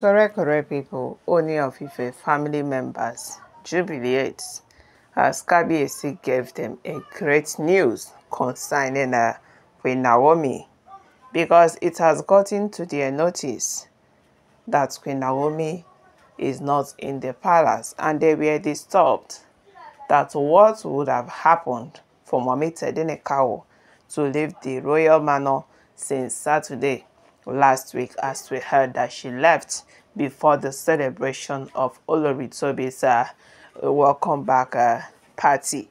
Correct, correct people, Only of Ife family members jubilates as Kabiesi gave them a great news concerning uh, Queen Naomi because it has gotten to their notice that Queen Naomi is not in the palace and they were disturbed that what would have happened for Mami Tedinekao to leave the royal manor since Saturday last week as we heard that she left before the celebration of Oloritobe's uh, welcome back uh, party.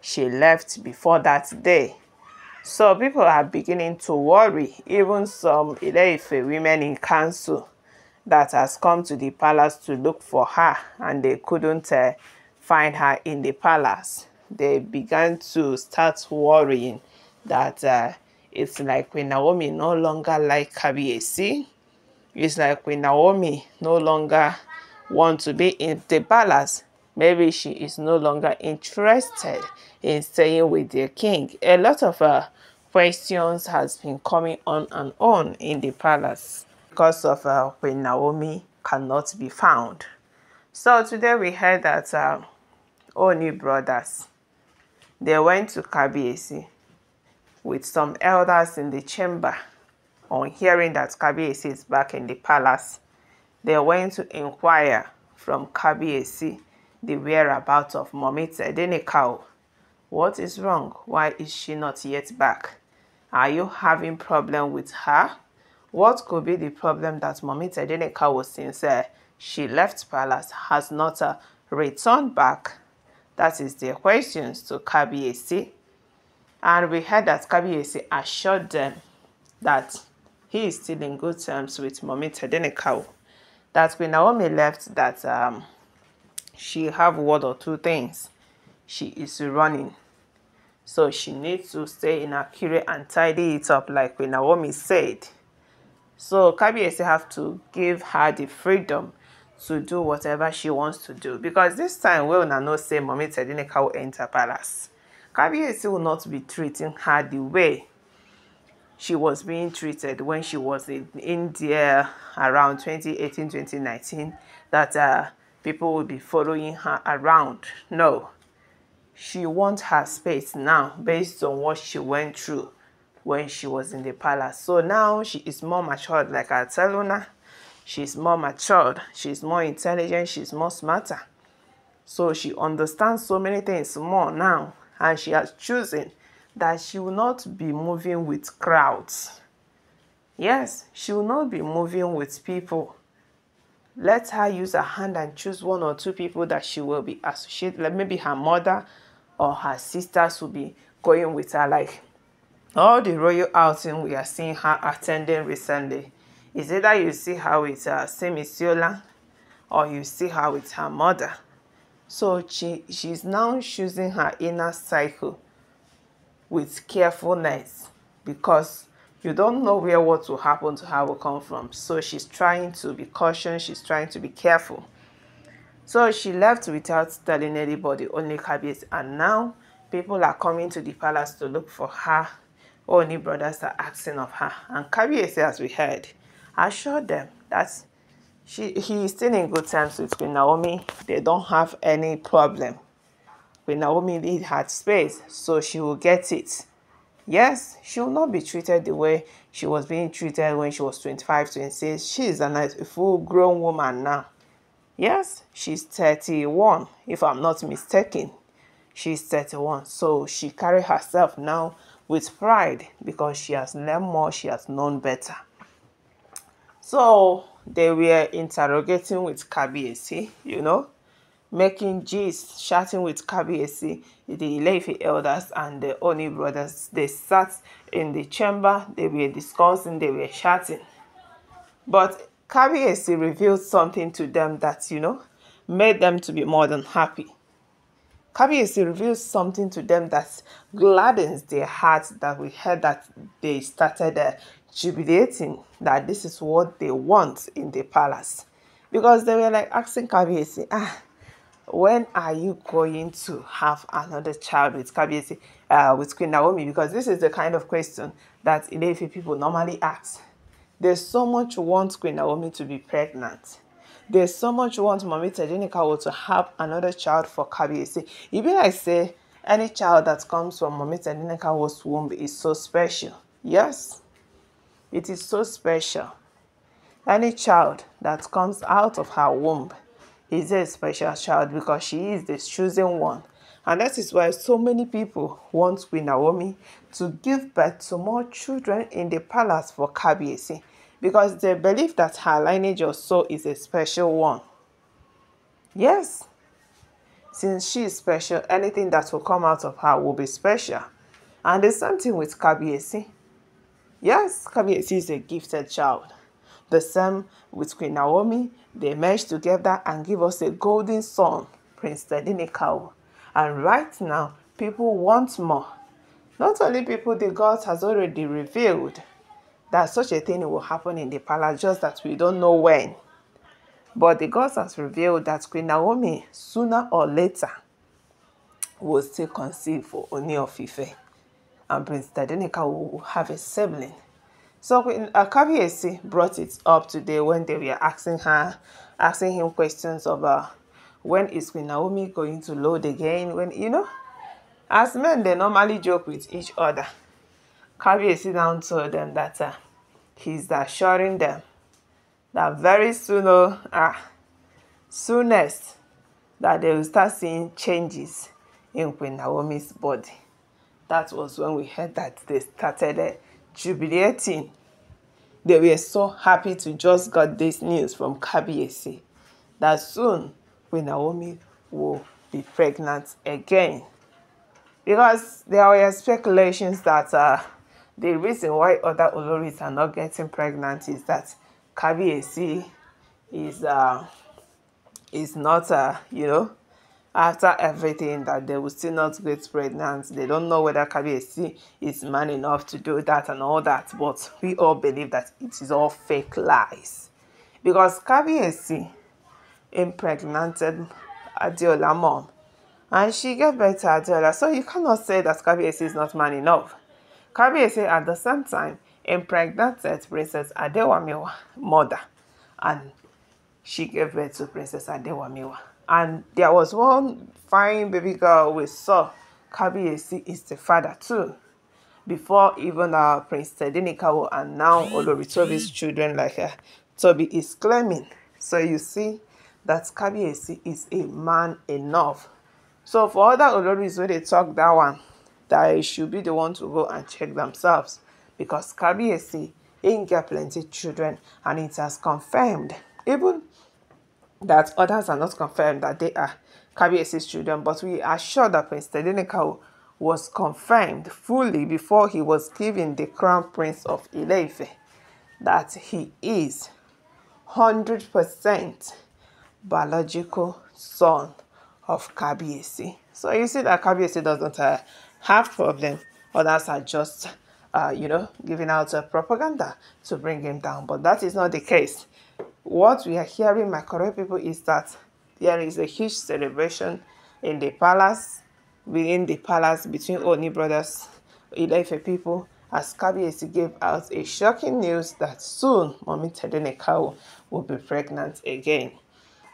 She left before that day. So people are beginning to worry, even some Ileife women in council that has come to the palace to look for her and they couldn't uh, find her in the palace. They began to start worrying that uh, it's like when Naomi no longer like Kabiesi. It's like when Naomi no longer want to be in the palace. Maybe she is no longer interested in staying with the king. A lot of uh, questions has been coming on and on in the palace because of uh, when Naomi cannot be found. So today we heard that uh, new brothers, they went to Kabiesi with some elders in the chamber on hearing that Kabiesi is back in the palace. They went to inquire from Kabiesi the whereabouts of Momita Edenikao. What is wrong? Why is she not yet back? Are you having problem with her? What could be the problem that Momita Edenikao was sincere? She left palace, has not uh, returned back. That is the questions to Kabiesi. And we heard that Kabiyesi assured them that he is still in good terms with Mommy Tedenekau. That when Naomi left that um, she have one or two things. She is running. So she needs to stay in Akure and tidy it up like Queen Naomi said. So Kabiyesi have to give her the freedom to do whatever she wants to do. Because this time, we will not say Mommy Tedenekau enter palace. Kabiyesi will not be treating her the way she was being treated when she was in India around 2018 2019 that uh, people will be following her around. No, she wants her space now based on what she went through when she was in the palace. So now she is more matured, like I tell Luna. She's more matured, she's more intelligent, she's more smarter. So she understands so many things more now and she has chosen that she will not be moving with crowds. Yes, she will not be moving with people. Let her use her hand and choose one or two people that she will be associated. Like maybe her mother or her sisters will be going with her. Like all the royal outing we are seeing her attending recently is it that you see her with uh, Semisiola or you see her with her mother. So she, she's now choosing her inner cycle with carefulness because you don't know where what will happen to her will come from. So she's trying to be cautious, she's trying to be careful. So she left without telling anybody, only Kabir. And now people are coming to the palace to look for her. Only brothers are asking of her. And Kabir, as we heard, assured them that she he is still in good terms with Queen Naomi. They don't have any problem. Queen Naomi need her space, so she will get it. Yes, she will not be treated the way she was being treated when she was 25, 26. She is a nice, full-grown woman now. Yes, she's 31, if I'm not mistaken. She's 31, so she carry herself now with pride because she has learned more, she has known better. So they were interrogating with Kabiesi, you know, making gist, chatting with Kabiesi, the Ilefi elders and the Oni brothers. They sat in the chamber, they were discussing, they were chatting. But Kabiesi revealed something to them that, you know, made them to be more than happy. Kabiesi reveals something to them that gladdens their hearts that we heard that they started uh, jubilating that this is what they want in the palace because they were like asking Kabiyesi, ah, when are you going to have another child with Kabiyesi, uh, with Queen Naomi? Because this is the kind of question that Ilefi people normally ask. They so much want Queen Naomi to be pregnant. They so much want Mami Tejinikawo to have another child for Kabiyesi. Even I say, any child that comes from Mami Tejinikawo's womb is so special. Yes. It is so special. Any child that comes out of her womb is a special child because she is the chosen one. And that is why so many people want Queen Naomi to give birth to more children in the palace for Kabiesi because they believe that her lineage also is a special one. Yes, since she is special, anything that will come out of her will be special. And the same thing with Kabiesi. Yes, Kabiyesi is a gifted child. The same with Queen Naomi, they merge together and give us a golden son, Prince Tedinikau. And right now, people want more. Not only people the gods has already revealed that such a thing will happen in the palace, just that we don't know when. But the gods has revealed that Queen Naomi, sooner or later, will still conceive for Oni of Ife and Prince Dadenika will have a sibling. So when Akabiesi uh, brought it up today when they were asking her, asking him questions about uh, when is Queen Naomi going to load again? When you know, as men they normally joke with each other. Kabiesi now told them that uh, he's assuring them that very soon, oh, uh, soonest, that they will start seeing changes in Queen Naomi's body. That was when we heard that they started eh, jubilating. They were so happy to just got this news from Kabiesi that soon when Naomi will be pregnant again. Because there were speculations that uh, the reason why other Oloris are not getting pregnant is that Kabiesi is uh, is not uh, you know after everything that they will still not get pregnant. They don't know whether Kabiyesi is man enough to do that and all that. But we all believe that it is all fake lies. Because Kabiyesi impregnated Adiola mom and she gave birth to Adiola. So you cannot say that Kabiyesi is not man enough. Kabiyesi at the same time impregnated Princess Adewamiwa mother and she gave birth to Princess Adewamiwa and there was one fine baby girl we saw Kabiyesi is the father too before even uh, Prince Tedinikawo and now Oloritobi's children like uh, Toby is claiming. So you see that Kabiyesi is a man enough. So for other Oloris when they talk that one, that should be the one to go and check themselves because Kabiyesi ain't got plenty children and it has confirmed. Even that others are not confirmed that they are Kabiyesi's children, but we are sure that Prince Tedenekau was confirmed fully before he was given the crown prince of Ileife that he is 100% biological son of Kabiyesi. So you see that Kabiyesi doesn't uh, have problem. Others are just, uh, you know, giving out uh, propaganda to bring him down. But that is not the case what we are hearing, my correct people, is that there is a huge celebration in the palace, within the palace, between Oni brothers, Ilefe people, as Kabiesi gave out a shocking news that soon Mommy Tedenekau will be pregnant again.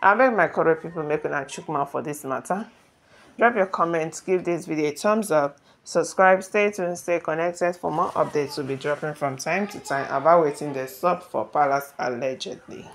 I beg my correct people make an chukma for this matter. Drop your comments, give this video a thumbs up, Subscribe, stay tuned, stay connected for more updates will be dropping from time to time about waiting the sub for Palace allegedly.